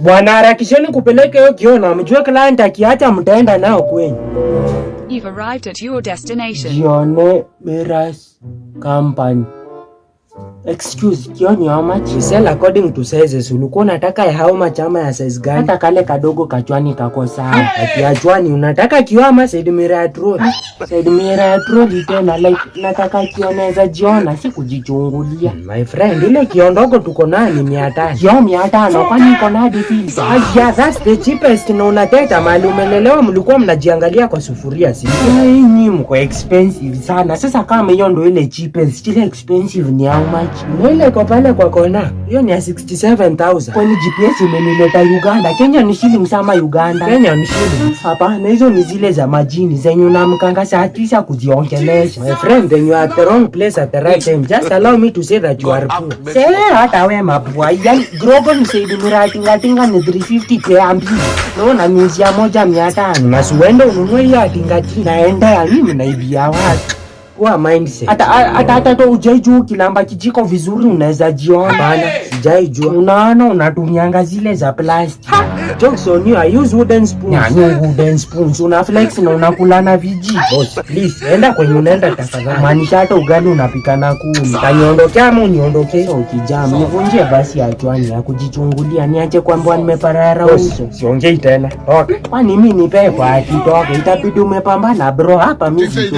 Bwana, harakisheni kupeleka hiyo kiona, mjue client akiacha mtaenda nao kwenye. You've arrived at your destination. Jione Miras Company. Excuse, kio ni how much? You sell according to sizes. Ulikuwa unataka ya how much ama ya size gani? Hata kale kadogo kachwani kako sawa. Ati achwani unataka kio ama side mirror ya troll? Ah! Side mirror ya troll tena like nataka kio naweza jiona si kujichungulia. Hmm, my friend, ile kio ndogo tuko nayo ni 500. Kio 500 kwani iko na hadi Ah, Yeah, that's the cheapest na unateta mali umelelewa mlikuwa mnajiangalia kwa sufuria si? Hii ni mko expensive sana. Sasa kama hiyo ndio ile cheapest, ile expensive ni how much? George. Nywele iko pale kwa kona. Hiyo ni ya 67000. Kwani GPS imenileta Uganda. Kenya ni shilingi sama Uganda. Kenya ni shilingi. Hapana, hizo ni zile za majini zenye unamkanga saa tisa kuziongelesha My friend, then you are at the wrong place at the right time. Just allow me to say that you are poor. Sasa hata we mabuwa Yaani grogo ni saidi miratinga tinga ni 350 kwa ambi. No na nyuzi moja 500. Na suende ununue hiyo atinga tinga. Naenda ya mimi naibia watu. Wa mindset. Hata hata to ujaijua kilamba kijiko vizuri unaweza jiona bana. Sijaijua. Unaona unatumianga zile za plastic. Jokes on you, I use wooden spoons. Yeah, no wooden spoons. Una flex na unakula na viji. Boss, please enda kwenye unaenda tafadhali. Maanisha hata ugali unapika na kumi. Kaniondokea ama uniondokee sio kijamu. Nivunjie basi ya chwani ya kujichungulia niache kwamba nimeparara uso. Siongei tena. Toka. Kwani mimi nipe kwa kitoke. itabidi umepambana bro hapa mimi.